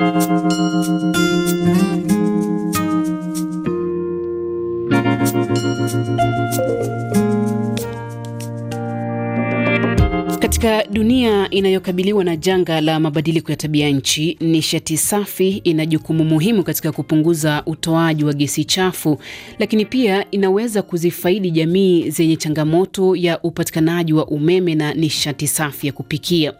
Thank you. Katika dunia inayokabiliwa na janga la mabadiliko ya tabia nchi, nishati safi ina jukumu muhimu katika kupunguza utoaji wa gesi chafu, lakini pia inaweza kuzifaidi jamii zenye changamoto ya upatikanaji wa umeme na nishati safi ya kupikia.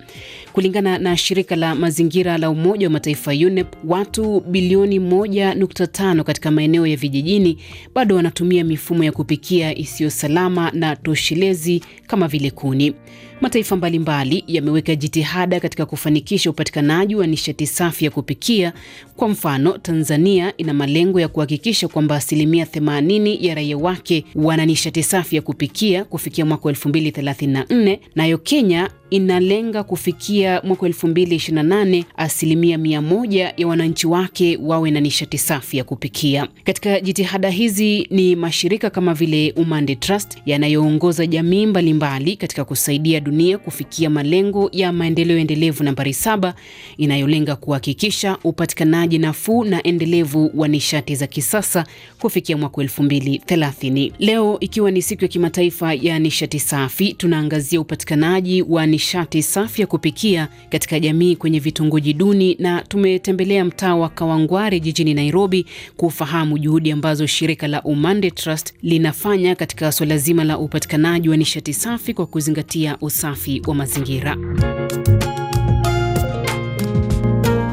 Kulingana na shirika la mazingira la Umoja wa Mataifa UNEP, watu bilioni 1.5 katika maeneo ya vijijini bado wanatumia mifumo ya kupikia isiyo salama na toshelezi kama vile kuni. Mataifa mbalimbali yameweka jitihada katika kufanikisha upatikanaji wa nishati safi ya kupikia. Kwa mfano, Tanzania ina malengo ya kuhakikisha kwamba asilimia 80 ya raia wake wana nishati safi ya kupikia kufikia mwaka 2034, nayo Kenya inalenga kufikia mwaka 2028 asilimia mia moja ya wananchi wake wawe na nishati safi ya kupikia. Katika jitihada hizi ni mashirika kama vile Umande Trust yanayoongoza jamii mbalimbali katika kusaidia dunia kufikia malengo ya maendeleo endelevu nambari saba inayolenga kuhakikisha upatikanaji nafuu na endelevu wa nishati za kisasa kufikia mwaka 2030. Leo ikiwa ni siku ya kimataifa ya nishati safi, tunaangazia upatikanaji wa nishati nishati safi ya kupikia katika jamii kwenye vitongoji duni, na tumetembelea mtaa wa Kawangware jijini Nairobi kufahamu juhudi ambazo shirika la Umande Trust linafanya katika suala zima la upatikanaji wa nishati safi kwa kuzingatia usafi wa mazingira.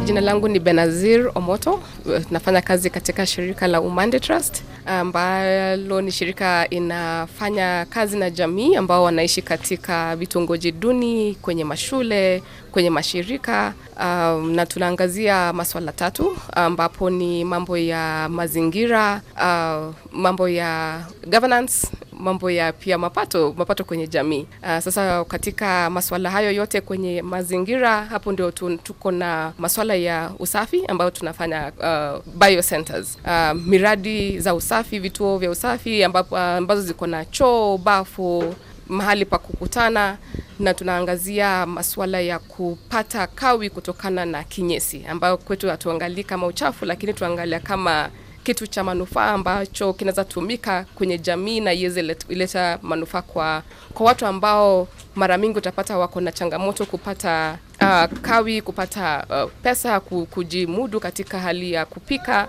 Jina langu ni Benazir Omoto, nafanya kazi katika shirika la Umande Trust ambalo ni shirika inafanya kazi na jamii ambao wanaishi katika vitongoji duni, kwenye mashule, kwenye mashirika um, na tunaangazia maswala tatu ambapo ni mambo ya mazingira, uh, mambo ya governance mambo ya pia mapato mapato kwenye jamii. Uh, sasa katika masuala hayo yote kwenye mazingira, hapo ndio tuko na masuala ya usafi ambayo tunafanya uh, ah, bio centers. Uh, ah, miradi za usafi, vituo vya usafi ambapo, ambazo ziko na choo, bafu, mahali pa kukutana na tunaangazia masuala ya kupata kawi kutokana na kinyesi, ambayo kwetu hatuangalii kama uchafu, lakini tuangalia kama kitu cha manufaa ambacho kinaweza tumika kwenye jamii na iweze ileta manufaa kwa, kwa watu ambao mara mingi utapata wako na changamoto kupata uh, kawi kupata uh, pesa kujimudu katika hali ya kupika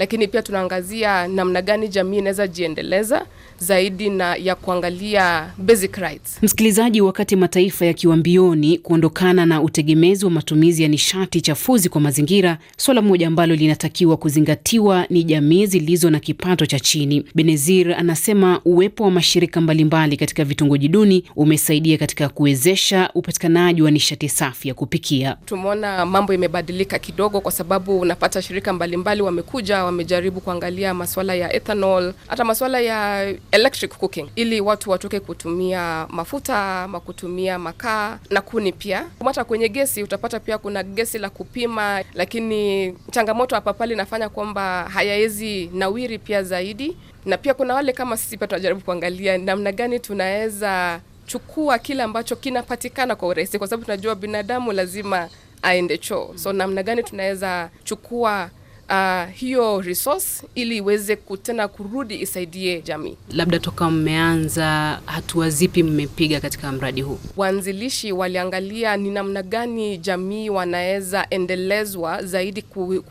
lakini pia tunaangazia namna gani jamii inaweza jiendeleza zaidi na ya kuangalia basic rights. Msikilizaji, wakati mataifa yakiwa mbioni kuondokana na utegemezi wa matumizi ya nishati chafuzi kwa mazingira, swala moja ambalo linatakiwa kuzingatiwa ni jamii zilizo na kipato cha chini. Benezir anasema uwepo wa mashirika mbalimbali katika vitongoji duni umesaidia katika kuwezesha upatikanaji wa nishati safi ya kupikia. Tumeona mambo imebadilika kidogo, kwa sababu unapata shirika mbalimbali wamekuja wamejaribu kuangalia maswala ya ethanol, hata maswala ya electric cooking, ili watu watoke kutumia mafuta ma kutumia makaa na kuni. Pia hata kwenye gesi utapata pia kuna gesi la kupima, lakini changamoto hapa pale inafanya kwamba hayawezi nawiri pia zaidi, na pia kuna wale kama sisi pia tunajaribu kuangalia namna gani tunaweza chukua kile ambacho kinapatikana kwa urahisi, kwa sababu tunajua binadamu lazima aende choo. So namna gani tunaweza chukua uh, hiyo resource ili iweze tena kurudi isaidie jamii. Labda toka mmeanza, hatua zipi mmepiga katika mradi huu? Waanzilishi waliangalia ni namna gani jamii wanaweza endelezwa zaidi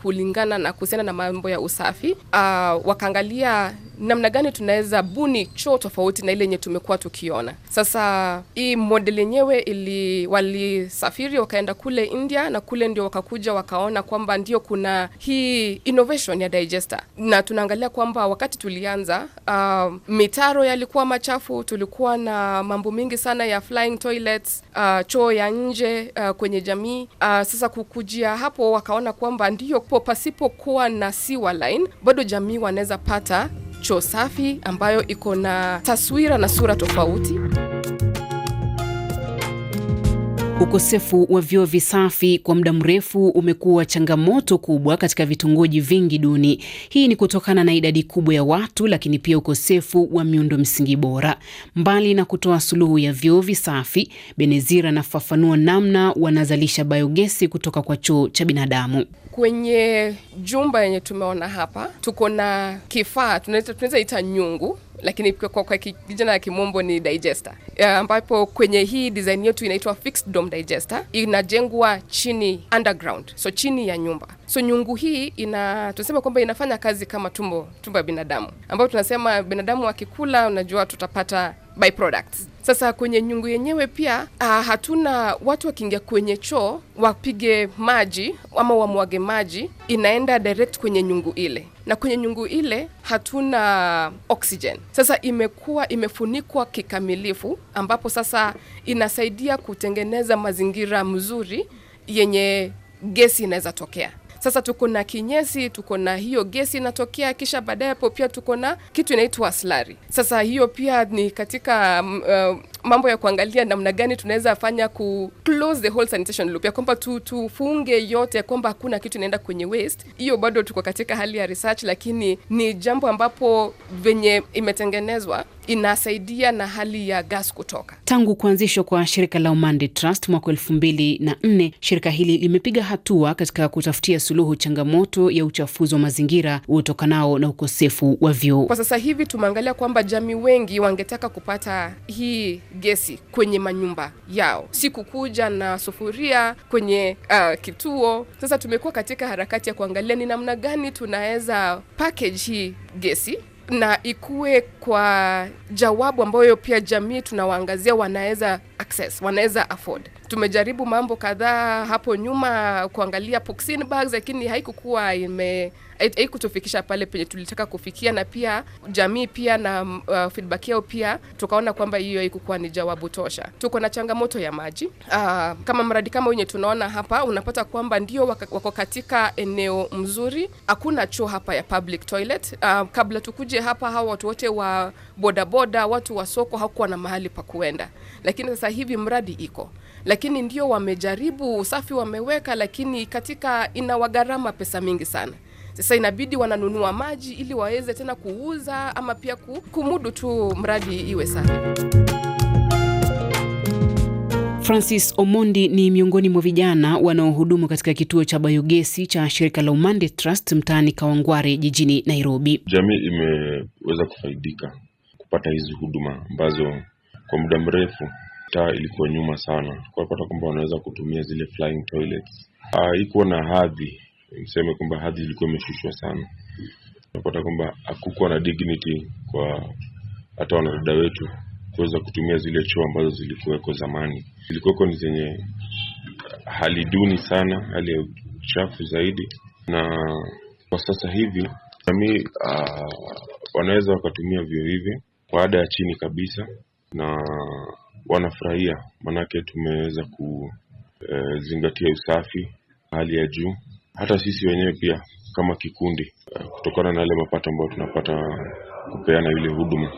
kulingana na kuhusiana na mambo ya usafi. Uh, wakaangalia namna gani tunaweza buni choo tofauti na ile yenye tumekuwa tukiona. Sasa hii model yenyewe ili walisafiri wakaenda kule India, na kule ndio wakakuja wakaona kwamba ndio kuna hii innovation ya digester, na tunaangalia kwamba wakati tulianza, uh, mitaro yalikuwa machafu, tulikuwa na mambo mingi sana ya flying toilets, uh, choo ya nje uh, kwenye jamii uh, sasa kukujia hapo wakaona kwamba ndio pasipokuwa na sewer line bado jamii wanaweza pata choo safi ambayo iko na taswira na sura tofauti. Ukosefu wa vyoo visafi kwa muda mrefu umekuwa changamoto kubwa katika vitongoji vingi duni. Hii ni kutokana na idadi kubwa ya watu, lakini pia ukosefu wa miundo msingi bora. Mbali na kutoa suluhu ya vyoo visafi, Benezira anafafanua namna wanazalisha bayogesi kutoka kwa choo cha binadamu. Kwenye jumba yenye tumeona hapa, tuko na kifaa tunaweza ita nyungu lakini kwa, kwa kijana ya kimombo ni digester, ambapo kwenye hii design yetu inaitwa fixed dome digester, inajengwa chini underground, so chini ya nyumba. So nyungu hii ina tunasema kwamba inafanya kazi kama tumbo tumbo ya binadamu, ambapo tunasema binadamu akikula, unajua tutapata products Sasa kwenye nyungu yenyewe pia uh, hatuna watu wakiingia kwenye choo wapige maji ama wamwage maji, inaenda direct kwenye nyungu ile na kwenye nyungu ile hatuna oxygen. Sasa imekuwa imefunikwa kikamilifu, ambapo sasa inasaidia kutengeneza mazingira mzuri yenye gesi inaweza tokea. Sasa tuko na kinyesi, tuko na hiyo gesi inatokea, kisha baadaye hapo pia tuko na kitu inaitwa slari. Sasa hiyo pia ni katika uh, mambo ya kuangalia namna gani tunaweza fanya ku close the whole sanitation loop, ya kwamba tu, tufunge yote, ya kwamba hakuna kitu inaenda kwenye waste. Hiyo bado tuko katika hali ya research, lakini ni jambo ambapo venye imetengenezwa inasaidia na hali ya gas kutoka. Tangu kuanzishwa kwa shirika la Umande Trust mwaka elfu mbili na nne, shirika hili limepiga hatua katika kutafutia suluhu changamoto ya uchafuzi wa mazingira utokanao na ukosefu wa vyoo. Kwa sasa hivi tumeangalia kwamba jamii wengi wangetaka kupata hii gesi kwenye manyumba yao, si kukuja na sufuria kwenye uh, kituo. Sasa tumekuwa katika harakati ya kuangalia ni namna gani tunaweza package hii gesi na ikuwe kwa jawabu ambayo pia jamii tunawaangazia wanaweza access, wanaweza afford. Tumejaribu mambo kadhaa hapo nyuma kuangalia poxin bags, lakini haikukuwa ime haikutufikisha pale penye tulitaka kufikia, na pia jamii pia na uh, feedback yao pia tukaona kwamba hiyo haikukuwa ni jawabu tosha. Tuko na changamoto ya maji uh, kama mradi kama wenye tunaona hapa, unapata kwamba ndio wako katika eneo mzuri, hakuna choo hapa ya public toilet. Uh, kabla tukuje hapa, hawa watu wote wa bodaboda, watu wa soko hawakuwa na mahali pa kuenda, lakini sasa hivi mradi iko lakini ndio wamejaribu usafi wameweka, lakini katika inawagharama pesa mingi sana. Sasa inabidi wananunua maji ili waweze tena kuuza ama pia kumudu tu mradi iwe safi. Francis Omondi ni miongoni mwa vijana wanaohudumu katika kituo cha bayogesi cha shirika la Umande Trust mtaani Kawangware jijini Nairobi. Jamii imeweza kufaidika kupata hizi huduma ambazo kwa muda mrefu taa ilikuwa nyuma sana, kwa pata kwamba wanaweza kutumia zile flying toilets. Ah, haikuwa na hadhi, niseme kwamba hadhi ilikuwa imeshushwa sana. Unapata kwamba hakukuwa na dignity kwa hata wanadada wetu kuweza kutumia zile choo ambazo zilikuweko zamani. Zilikuweko ni zenye hali duni sana, hali ya uchafu zaidi, na kwa sasa hivi jamii uh, wanaweza wakatumia vyoo hivi kwa ada ya chini kabisa na wanafurahia manake tumeweza kuzingatia usafi hali ya juu. Hata sisi wenyewe pia kama kikundi, kutokana na yale mapato ambayo tunapata kupeana ile huduma,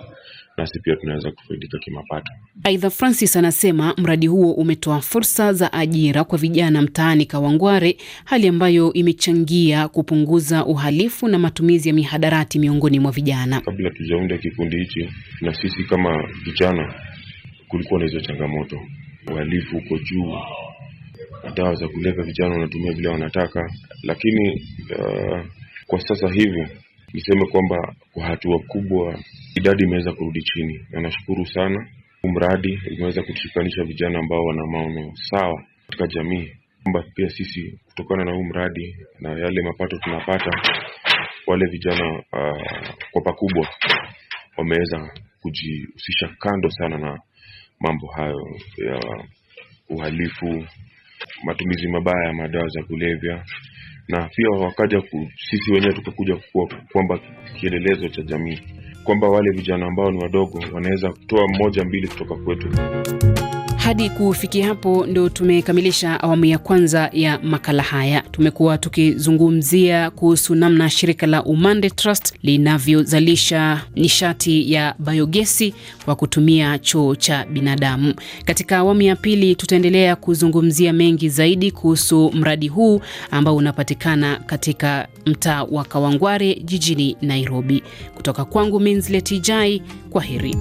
nasi pia tunaweza kufaidika kimapato. Aidha, Francis anasema mradi huo umetoa fursa za ajira kwa vijana mtaani Kawangware, hali ambayo imechangia kupunguza uhalifu na matumizi ya mihadarati miongoni mwa vijana. Kabla tujaunda kikundi hichi, na sisi kama vijana kulikuwa na hizo changamoto, uhalifu uko juu, dawa za kulevya vijana wanatumia vile wanataka. Lakini uh, kwa sasa hivi niseme kwamba kwa hatua kubwa idadi imeweza kurudi chini, na nashukuru sana mradi imeweza kutushikanisha vijana ambao wana maono sawa katika jamii, kwamba pia sisi kutokana na huu mradi na yale mapato tunapata, wale vijana uh, kwa pakubwa wameweza kujihusisha kando sana na mambo hayo ya uhalifu, matumizi mabaya ya madawa za kulevya, na pia wakaja sisi wenyewe tukakuja kuwa kwamba kielelezo cha jamii, kwamba wale vijana ambao ni wadogo wanaweza kutoa moja mbili kutoka kwetu. Hadi kufikia hapo ndo tumekamilisha awamu ya kwanza ya makala haya. Tumekuwa tukizungumzia kuhusu namna shirika la Umande Trust linavyozalisha nishati ya bayogesi kwa kutumia choo cha binadamu. Katika awamu ya pili, tutaendelea kuzungumzia mengi zaidi kuhusu mradi huu ambao unapatikana katika mtaa wa Kawangware jijini Nairobi. Kutoka kwangu Minsletijai, kwa heri.